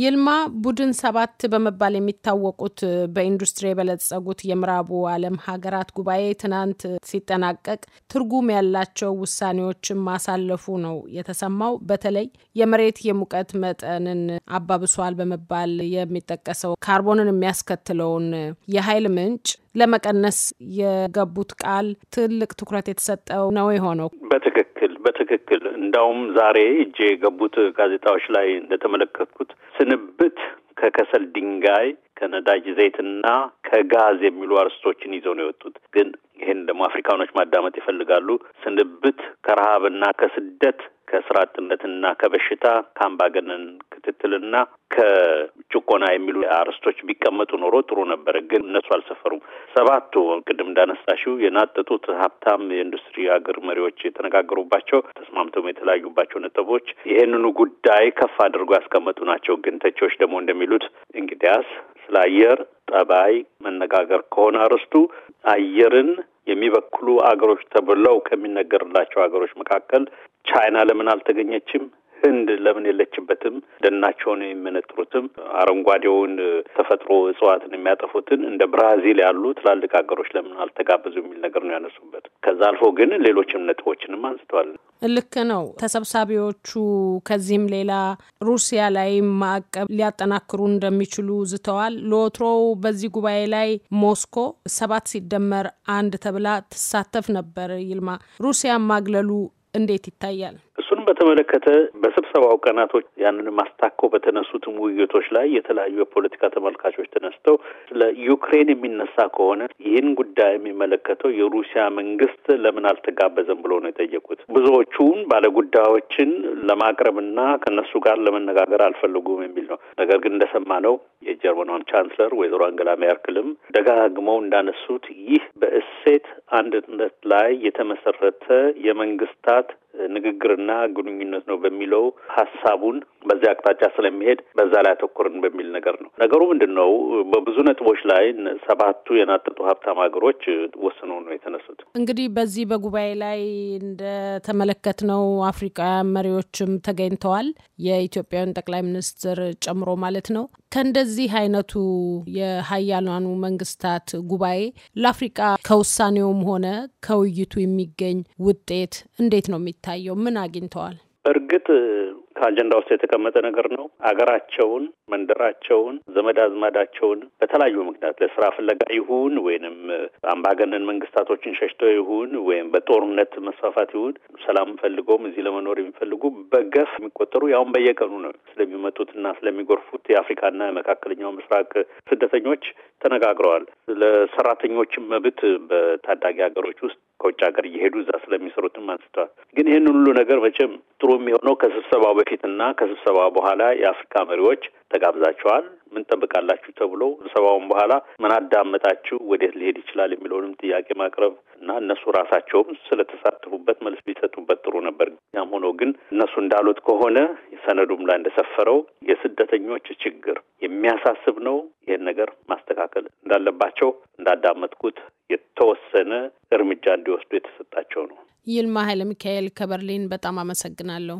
ይልማ ቡድን ሰባት በመባል የሚታወቁት በኢንዱስትሪ የበለጸጉት የምዕራቡ ዓለም ሀገራት ጉባኤ ትናንት ሲጠናቀቅ ትርጉም ያላቸው ውሳኔዎችን ማሳለፉ ነው የተሰማው። በተለይ የመሬት የሙቀት መጠንን አባብሷል በመባል የሚጠቀሰው ካርቦንን የሚያስከትለውን የኃይል ምንጭ ለመቀነስ የገቡት ቃል ትልቅ ትኩረት የተሰጠው ነው የሆነው። በትክክል በትክክል እንዳውም ዛሬ እጄ የገቡት ጋዜጣዎች ላይ እንደተመለከትኩት ስንብት ከከሰል ድንጋይ ከነዳጅ ዘይትና ከጋዝ የሚሉ አርስቶችን ይዘው ነው የወጡት። ግን ይህን ደግሞ አፍሪካኖች ማዳመጥ ይፈልጋሉ። ስንብት ከረሃብና ከስደት ከስራ አጥነትና ከበሽታ ከአምባገነን ክትትልና ከጭቆና የሚሉ አርዕስቶች ቢቀመጡ ኖሮ ጥሩ ነበረ። ግን እነሱ አልሰፈሩም። ሰባቱ ቅድም እንዳነሳሽው የናጠጡት ሀብታም የኢንዱስትሪ ሀገር መሪዎች የተነጋገሩባቸው ተስማምተውም የተለያዩባቸው ነጥቦች ይህንኑ ጉዳይ ከፍ አድርጎ ያስቀመጡ ናቸው። ግን ተቺዎች ደግሞ እንደሚሉት እንግዲያስ ስለ አየር ጠባይ መነጋገር ከሆነ አርዕስቱ አየርን የሚበክሉ አገሮች ተብለው ከሚነገርላቸው አገሮች መካከል ቻይና ለምን አልተገኘችም? ህንድ ለምን የለችበትም? ደናቸውን የሚመነጥሩትም አረንጓዴውን ተፈጥሮ እጽዋትን የሚያጠፉትን እንደ ብራዚል ያሉ ትላልቅ ሀገሮች ለምን አልተጋበዙ የሚል ነገር ነው ያነሱበት። ከዛ አልፎ ግን ሌሎችም ነጥቦችንም አንስተዋል። ልክ ነው። ተሰብሳቢዎቹ ከዚህም ሌላ ሩሲያ ላይ ማዕቀብ ሊያጠናክሩ እንደሚችሉ ዝተዋል። ለወትሮው በዚህ ጉባኤ ላይ ሞስኮ ሰባት ሲደመር አንድ ተብላ ትሳተፍ ነበር። ይልማ ሩሲያ ማግለሉ እንዴት ይታያል? ይህንን በተመለከተ በስብሰባው ቀናቶች ያንን ማስታኮ በተነሱትም ውይይቶች ላይ የተለያዩ የፖለቲካ ተመልካቾች ተነስተው ለዩክሬን የሚነሳ ከሆነ ይህን ጉዳይ የሚመለከተው የሩሲያ መንግስት ለምን አልተጋበዘም ብሎ ነው የጠየቁት። ብዙዎቹን ባለጉዳዮችን ለማቅረብና ከነሱ ጋር ለመነጋገር አልፈልጉም የሚል ነው። ነገር ግን እንደሰማ ነው የጀርመኗን ቻንስለር ወይዘሮ አንገላ ሜርክልም ደጋግመው እንዳነሱት ይህ በእሴት አንድነት ላይ የተመሰረተ የመንግስታት ንግግርና ግንኙነት ነው በሚለው ሀሳቡን በዚያ አቅጣጫ ስለሚሄድ በዛ ላይ አተኮርን በሚል ነገር ነው። ነገሩ ምንድን ነው? በብዙ ነጥቦች ላይ ሰባቱ የናጠጡ ሀብታም ሀገሮች ወስነው ነው የተነሱት። እንግዲህ በዚህ በጉባኤ ላይ እንደተመለከትነው አፍሪካውያን መሪዎችም ተገኝተዋል፣ የኢትዮጵያን ጠቅላይ ሚኒስትር ጨምሮ ማለት ነው። ከእንደዚህ አይነቱ የሀያላኑ መንግስታት ጉባኤ ለአፍሪቃ ከውሳኔውም ሆነ ከውይይቱ የሚገኝ ውጤት እንዴት ነው የሚ የሚታየው? ምን አግኝተዋል? እርግጥ ከአጀንዳ ውስጥ የተቀመጠ ነገር ነው። አገራቸውን፣ መንደራቸውን፣ ዘመድ አዝማዳቸውን በተለያዩ ምክንያት ለስራ ፍለጋ ይሁን ወይንም አምባገነን መንግስታቶችን ሸሽተው ይሁን ወይም በጦርነት መስፋፋት ይሁን ሰላም ፈልገውም እዚህ ለመኖር የሚፈልጉ በገፍ የሚቆጠሩ ያሁን በየቀኑ ነው ስለሚመጡትና ስለሚጎርፉት የአፍሪካና የመካከለኛው ምስራቅ ስደተኞች ተነጋግረዋል። ለሰራተኞችን መብት በታዳጊ ሀገሮች ውስጥ ከውጭ ሀገር እየሄዱ እዛ ስለሚሰሩትም አንስተዋል። ግን ይህን ሁሉ ነገር መቼም ጥሩ የሚሆነው ከስብሰባው በፊትና ከስብሰባ በኋላ የአፍሪካ መሪዎች ተጋብዛቸዋል። ምን ጠብቃላችሁ ተብሎ ስብሰባውን በኋላ ምን አዳመጣችሁ፣ ወዴት ሊሄድ ይችላል የሚለውንም ጥያቄ ማቅረብ እና እነሱ ራሳቸውም ስለተሳተፉበት መልስ ቢሰጡበት ጥሩ ነበር። ያም ሆኖ ግን እነሱ እንዳሉት ከሆነ ሰነዱም ላይ እንደሰፈረው የስደተኞች ችግር የሚያሳስብ ነው። ይህን ነገር ማስተካከል እንዳለባቸው እንዳዳመጥኩት የተወሰነ እርምጃ እንዲወስዱ የተሰጣቸው ነው። ይልማ ኃይለ ሚካኤል ከበርሊን በጣም አመሰግናለሁ።